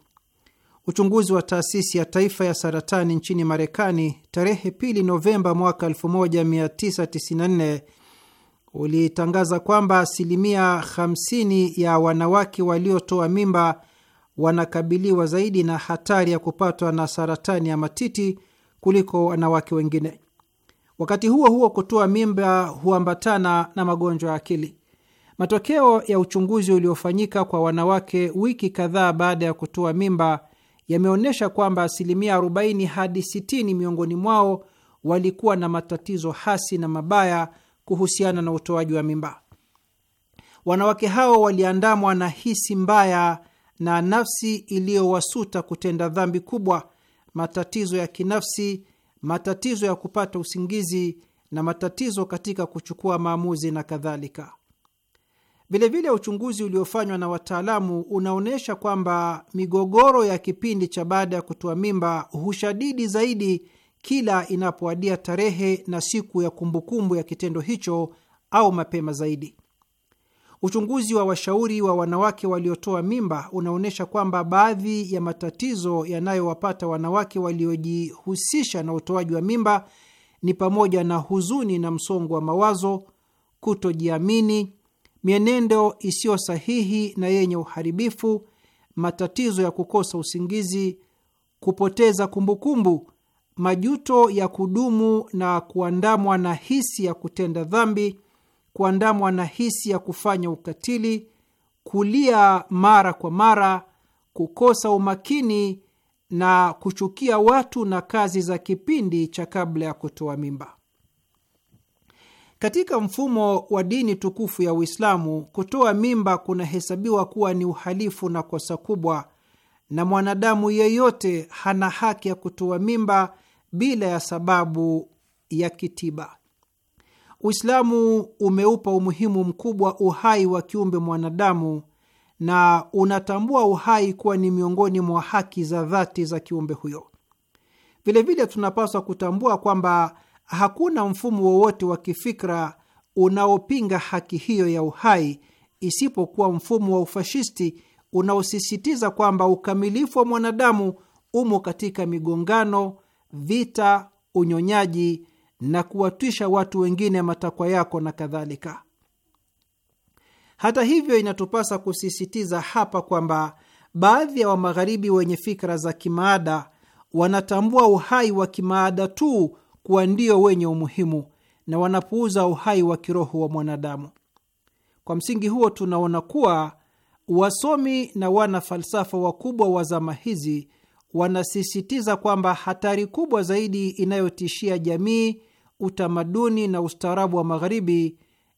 Uchunguzi wa taasisi ya taifa ya saratani nchini Marekani tarehe pili Novemba mwaka 1994 ulitangaza kwamba asilimia 50 ya wanawake waliotoa mimba wanakabiliwa zaidi na hatari ya kupatwa na saratani ya matiti kuliko wanawake wengine. Wakati huo huo, kutoa mimba huambatana na magonjwa ya akili. Matokeo ya uchunguzi uliofanyika kwa wanawake wiki kadhaa baada ya kutoa mimba yameonyesha kwamba asilimia 40 hadi 60 miongoni mwao walikuwa na matatizo hasi na mabaya kuhusiana na utoaji wa mimba. Wanawake hao waliandamwa na hisi mbaya na nafsi iliyowasuta kutenda dhambi kubwa, matatizo ya kinafsi, matatizo ya kupata usingizi na matatizo katika kuchukua maamuzi na kadhalika. Vilevile, uchunguzi uliofanywa na wataalamu unaonyesha kwamba migogoro ya kipindi cha baada ya kutoa mimba hushadidi zaidi kila inapoadia tarehe na siku ya kumbukumbu ya kitendo hicho au mapema zaidi. Uchunguzi wa washauri wa wanawake waliotoa mimba unaonyesha kwamba baadhi ya matatizo yanayowapata wanawake waliojihusisha na utoaji wa mimba ni pamoja na huzuni na msongo wa mawazo, kutojiamini mienendo isiyo sahihi na yenye uharibifu, matatizo ya kukosa usingizi, kupoteza kumbukumbu, majuto ya kudumu na kuandamwa na hisi ya kutenda dhambi, kuandamwa na hisi ya kufanya ukatili, kulia mara kwa mara, kukosa umakini na kuchukia watu na kazi za kipindi cha kabla ya kutoa mimba. Katika mfumo wa dini tukufu ya Uislamu, kutoa mimba kunahesabiwa kuwa ni uhalifu na kosa kubwa, na mwanadamu yeyote hana haki ya kutoa mimba bila ya sababu ya kitiba. Uislamu umeupa umuhimu mkubwa uhai wa kiumbe mwanadamu na unatambua uhai kuwa ni miongoni mwa haki za dhati za kiumbe huyo. Vilevile tunapaswa kutambua kwamba Hakuna mfumo wowote wa kifikra unaopinga haki hiyo ya uhai isipokuwa mfumo wa ufashisti unaosisitiza kwamba ukamilifu wa mwanadamu umo katika migongano, vita, unyonyaji na kuwatwisha watu wengine matakwa yako na kadhalika. Hata hivyo, inatupasa kusisitiza hapa kwamba baadhi ya Wamagharibi wenye fikra za kimaada wanatambua uhai wa kimaada tu kuwa ndio wenye umuhimu na wanapuuza uhai wa kiroho wa mwanadamu. Kwa msingi huo, tunaona kuwa wasomi na wana falsafa wakubwa wa zama hizi wanasisitiza kwamba hatari kubwa zaidi inayotishia jamii, utamaduni na ustaarabu wa Magharibi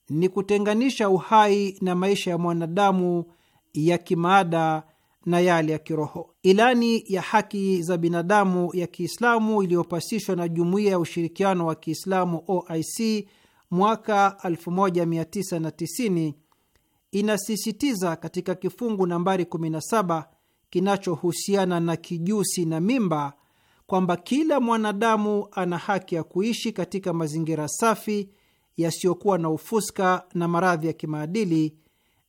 ni kutenganisha uhai na maisha ya mwanadamu ya kimaada na yale ya kiroho. Ilani ya haki za binadamu ya Kiislamu iliyopasishwa na Jumuiya ya Ushirikiano wa Kiislamu OIC mwaka 1990 inasisitiza katika kifungu nambari 17 kinachohusiana na kijusi na mimba kwamba kila mwanadamu ana haki ya kuishi katika mazingira safi yasiyokuwa na ufuska na maradhi ya kimaadili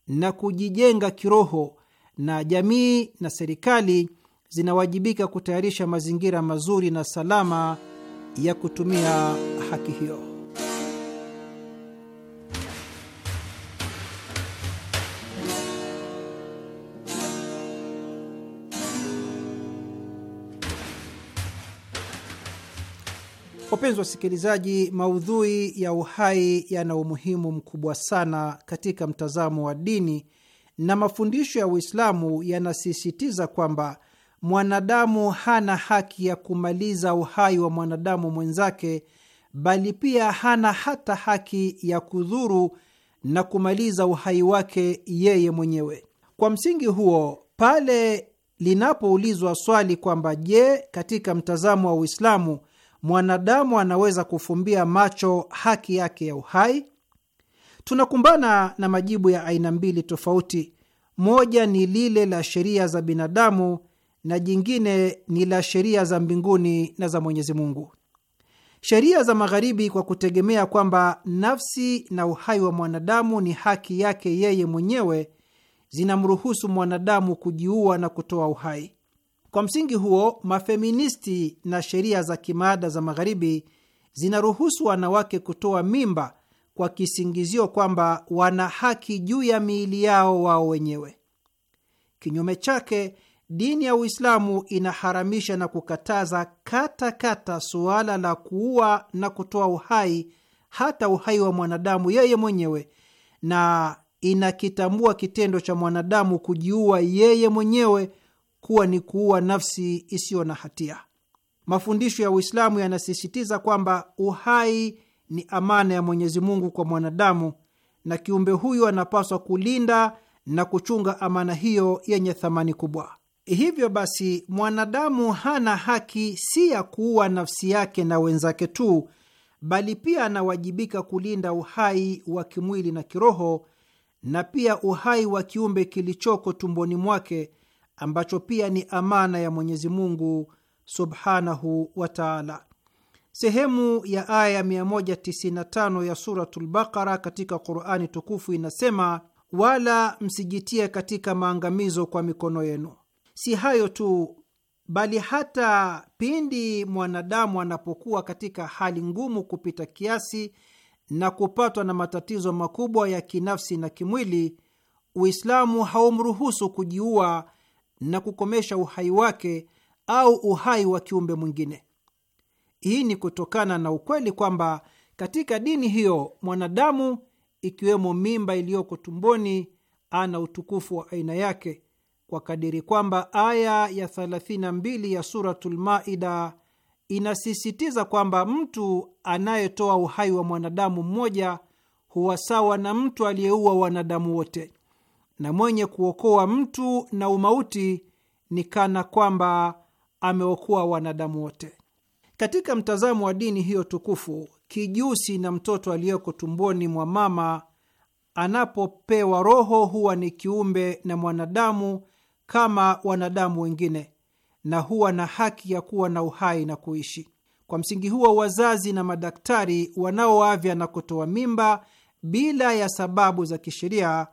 na kujijenga kiroho na jamii na serikali zinawajibika kutayarisha mazingira mazuri na salama ya kutumia haki hiyo. Wapenzi wasikilizaji, maudhui ya uhai yana umuhimu mkubwa sana katika mtazamo wa dini na mafundisho ya Uislamu yanasisitiza kwamba mwanadamu hana haki ya kumaliza uhai wa mwanadamu mwenzake, bali pia hana hata haki ya kudhuru na kumaliza uhai wake yeye mwenyewe. Kwa msingi huo, pale linapoulizwa swali kwamba je, katika mtazamo wa Uislamu mwanadamu anaweza kufumbia macho haki yake ya uhai, tunakumbana na majibu ya aina mbili tofauti. Moja ni lile la sheria za binadamu na jingine ni la sheria za mbinguni na za Mwenyezi Mungu. Sheria za Magharibi, kwa kutegemea kwamba nafsi na uhai wa mwanadamu ni haki yake yeye mwenyewe, zinamruhusu mwanadamu kujiua na kutoa uhai. Kwa msingi huo, mafeministi na sheria za kimaada za Magharibi zinaruhusu wanawake kutoa mimba kwa kisingizio kwamba wana haki juu ya miili yao wao wenyewe. Kinyume chake, dini ya Uislamu inaharamisha na kukataza katakata kata suala la kuua na kutoa uhai, hata uhai wa mwanadamu yeye mwenyewe, na inakitambua kitendo cha mwanadamu kujiua yeye mwenyewe kuwa ni kuua nafsi isiyo na hatia. Mafundisho ya Uislamu yanasisitiza kwamba uhai ni amana ya Mwenyezi Mungu kwa mwanadamu, na kiumbe huyu anapaswa kulinda na kuchunga amana hiyo yenye thamani kubwa. Hivyo basi, mwanadamu hana haki si ya kuua nafsi yake na wenzake tu, bali pia anawajibika kulinda uhai wa kimwili na kiroho, na pia uhai wa kiumbe kilichoko tumboni mwake ambacho pia ni amana ya Mwenyezi Mungu subhanahu wa taala. Sehemu ya aya 195 ya Suratul katika Qurani tukufu inasema, wala msijitie katika maangamizo kwa mikono yenu. Si hayo tu, bali hata pindi mwanadamu anapokuwa katika hali ngumu kupita kiasi na kupatwa na matatizo makubwa ya kinafsi na kimwili, Uislamu haumruhusu kujiua na kukomesha uhai wake au uhai wa kiumbe mwingine. Hii ni kutokana na ukweli kwamba katika dini hiyo mwanadamu, ikiwemo mimba iliyoko tumboni, ana utukufu wa aina yake kwa kadiri kwamba aya ya 32 ya Suratul Maida inasisitiza kwamba mtu anayetoa uhai wa mwanadamu mmoja huwa sawa na mtu aliyeua wanadamu wote, na mwenye kuokoa mtu na umauti ni kana kwamba ameokoa wanadamu wote. Katika mtazamo wa dini hiyo tukufu, kijusi na mtoto aliyeko tumboni mwa mama anapopewa roho huwa ni kiumbe na mwanadamu kama wanadamu wengine, na huwa na haki ya kuwa na uhai na kuishi. Kwa msingi huo, wazazi na madaktari wanaoavya na kutoa mimba bila ya sababu za kisheria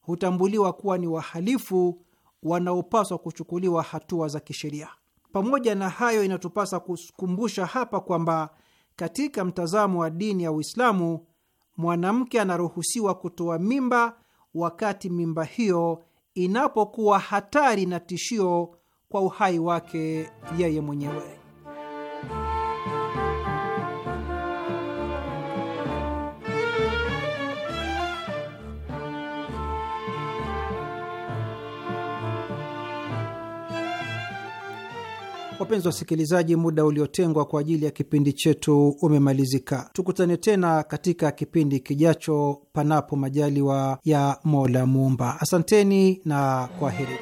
hutambuliwa kuwa ni wahalifu wanaopaswa kuchukuliwa hatua za kisheria. Pamoja na hayo, inatupasa kukumbusha hapa kwamba katika mtazamo wa dini ya Uislamu mwanamke anaruhusiwa kutoa mimba wakati mimba hiyo inapokuwa hatari na tishio kwa uhai wake yeye mwenyewe. Wapenzi wasikilizaji, muda uliotengwa kwa ajili ya kipindi chetu umemalizika. Tukutane tena katika kipindi kijacho, panapo majaliwa ya Mola Muumba. Asanteni na kwaheri.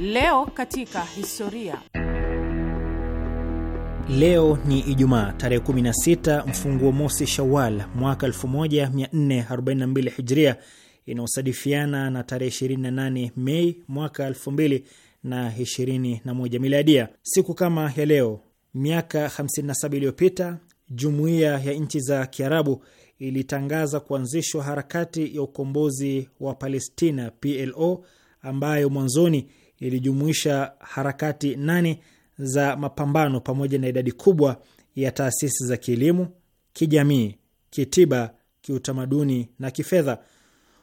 Leo katika historia. Leo ni Ijumaa tarehe 16 mfunguo mosi Shawal mwaka 1442 Hijria, inayosadifiana na tarehe 28 Mei mwaka 2021 Miladia. Siku kama ya leo miaka 57 iliyopita jumuiya ya nchi za Kiarabu ilitangaza kuanzishwa harakati ya ukombozi wa Palestina PLO ambayo mwanzoni ilijumuisha harakati nane za mapambano pamoja na idadi kubwa ya taasisi za kielimu, kijamii, kitiba, kiutamaduni na kifedha.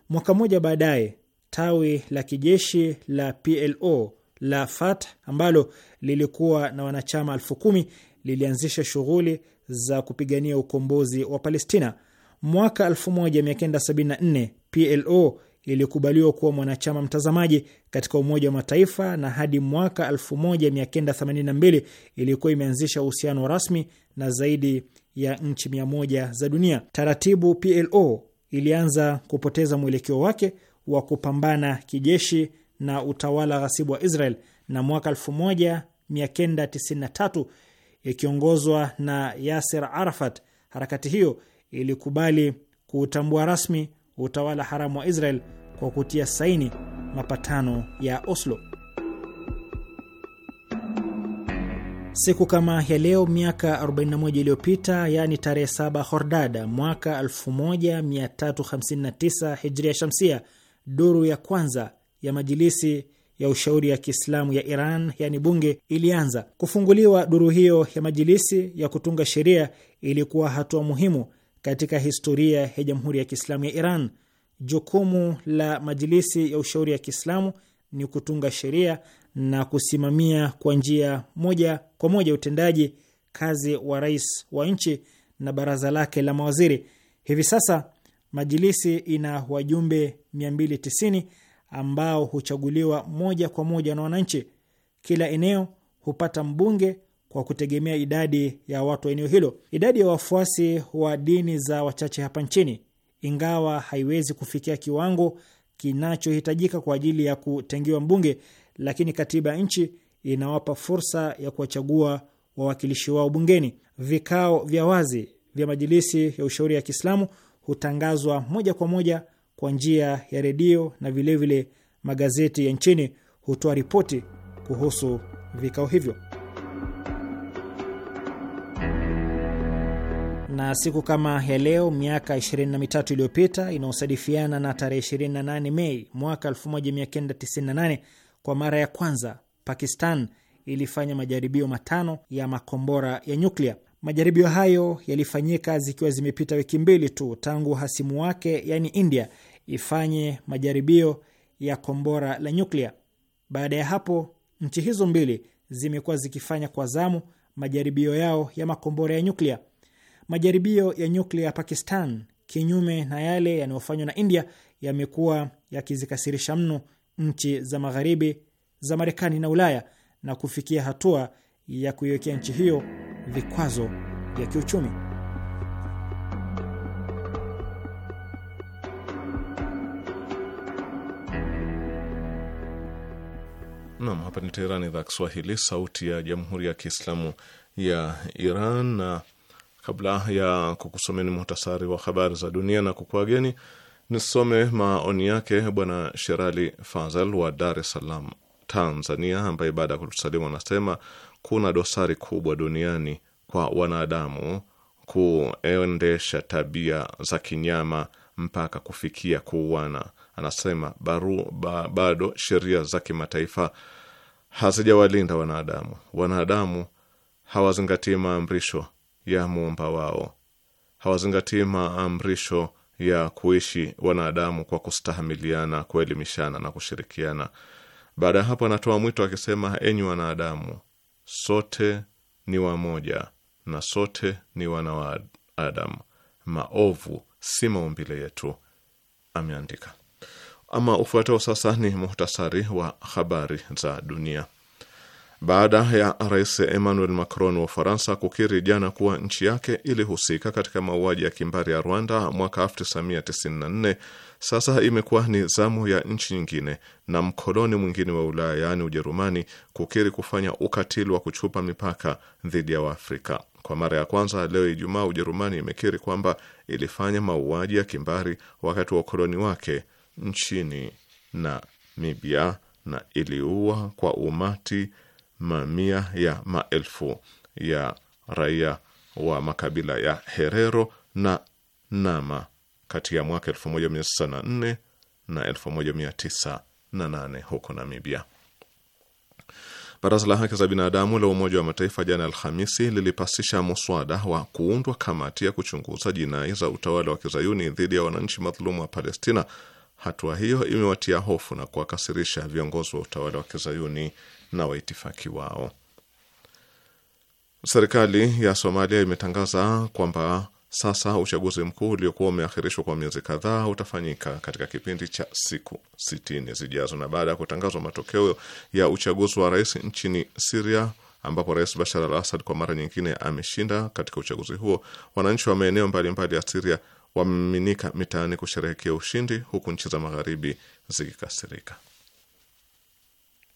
Mwaka mmoja baadaye, tawi la kijeshi la PLO la fat ambalo lilikuwa na wanachama elfu kumi lilianzisha shughuli za kupigania ukombozi wa Palestina. Mwaka 1974 PLO ilikubaliwa kuwa mwanachama mtazamaji katika Umoja wa Mataifa na hadi mwaka 1982 ilikuwa imeanzisha uhusiano rasmi na zaidi ya nchi 100 za dunia. Taratibu PLO ilianza kupoteza mwelekeo wake wa kupambana kijeshi na utawala ghasibu wa Israel na mwaka 1993 ikiongozwa na Yasser Arafat, harakati hiyo ilikubali kuutambua rasmi utawala haramu wa Israel kwa kutia saini mapatano ya Oslo. Siku kama ya leo miaka 41 iliyopita, yaani tarehe 7 Hordada mwaka 1359 Hijria Shamsia, duru ya kwanza ya majilisi ya ushauri ya Kiislamu ya Iran yaani bunge ilianza kufunguliwa. Duru hiyo ya majilisi ya kutunga sheria ilikuwa hatua muhimu katika historia ya Jamhuri ya Kiislamu ya Iran jukumu la majilisi ya ushauri ya Kiislamu ni kutunga sheria na kusimamia kwa njia moja kwa moja utendaji kazi wa rais wa nchi na baraza lake la mawaziri. Hivi sasa majilisi ina wajumbe 290 ambao huchaguliwa moja kwa moja na wananchi. Kila eneo hupata mbunge kwa kutegemea idadi ya watu wa eneo hilo. Idadi ya wafuasi wa dini za wachache hapa nchini ingawa haiwezi kufikia kiwango kinachohitajika kwa ajili ya kutengiwa mbunge, lakini katiba ya nchi inawapa fursa ya kuwachagua wawakilishi wao bungeni. Vikao vya wazi vya majilisi ya ushauri ya Kiislamu hutangazwa moja kwa moja kwa njia ya redio na vilevile magazeti ya nchini hutoa ripoti kuhusu vikao hivyo. na siku kama ya leo miaka 23 iliyopita inaosadifiana na tarehe 28 Mei mwaka 1998, kwa mara ya kwanza Pakistan ilifanya majaribio matano ya makombora ya nyuklia. Majaribio hayo yalifanyika zikiwa zimepita wiki mbili tu tangu hasimu wake, yaani India, ifanye majaribio ya kombora la nyuklia. Baada ya hapo, nchi hizo mbili zimekuwa zikifanya kwa zamu majaribio yao ya makombora ya nyuklia. Majaribio ya nyuklia ya Pakistan, kinyume na yale yanayofanywa na India, yamekuwa yakizikasirisha mno nchi za magharibi za Marekani na Ulaya na kufikia hatua ya kuiwekea nchi hiyo vikwazo vya kiuchumi. Nam, hapa ni Teherani, idhaa Kiswahili, sauti ya jamhuri ya kiislamu ya Iran na Kabla ya kukusomeni muhtasari wa habari za dunia na kukuageni, nisome maoni yake Bwana Sherali Fazel wa Dar es Salaam, Tanzania, ambaye baada ya kutusalimu anasema kuna dosari kubwa duniani kwa wanadamu kuendesha tabia za kinyama mpaka kufikia kuuana. Anasema baru, ba, bado sheria za kimataifa hazijawalinda wanadamu. Wanadamu hawazingatii maamrisho ya muumba wao, hawazingatii maamrisho ya kuishi wanadamu kwa kustahamiliana, kuelimishana na kushirikiana. Baada ya hapo, anatoa mwito akisema, enyi wanadamu, sote ni wamoja na sote ni wana wa Adamu. Maovu si maumbile yetu, ameandika. Ama ufuatao sasa ni muhtasari wa habari za dunia baada ya Rais Emmanuel Macron wa Ufaransa kukiri jana kuwa nchi yake ilihusika katika mauaji ya kimbari ya Rwanda mwaka 1994, sasa imekuwa ni zamu ya nchi nyingine na mkoloni mwingine wa Ulaya, yaani Ujerumani, kukiri kufanya ukatili wa kuchupa mipaka dhidi ya Waafrika. Kwa mara ya kwanza leo Ijumaa, Ujerumani imekiri kwamba ilifanya mauaji ya kimbari wakati wa ukoloni wake nchini Namibia na iliua kwa umati mamia ya maelfu ya raia wa makabila ya Herero na Nama kati ya mwaka 1904 na 1908 huko Namibia. Baraza la haki za binadamu la Umoja wa Mataifa jana Alhamisi lilipasisha muswada wa kuundwa kamati ya kuchunguza jinai za utawala wa kizayuni dhidi ya wananchi madhulumu wa Palestina. Hatua hiyo imewatia hofu na kuwakasirisha viongozi wa utawala wa kizayuni na waitifaki wao. Serikali ya Somalia imetangaza kwamba sasa uchaguzi mkuu uliokuwa umeahirishwa kwa miezi kadhaa utafanyika katika kipindi cha siku sitini zijazo. Na baada ya kutangazwa matokeo ya uchaguzi wa rais nchini Siria, ambapo Rais Bashar al Assad kwa mara nyingine ameshinda katika uchaguzi huo, wananchi wa maeneo mbalimbali ya Siria wamemiminika mitaani kusherehekea ushindi, huku nchi za magharibi zikikasirika.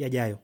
yajayo.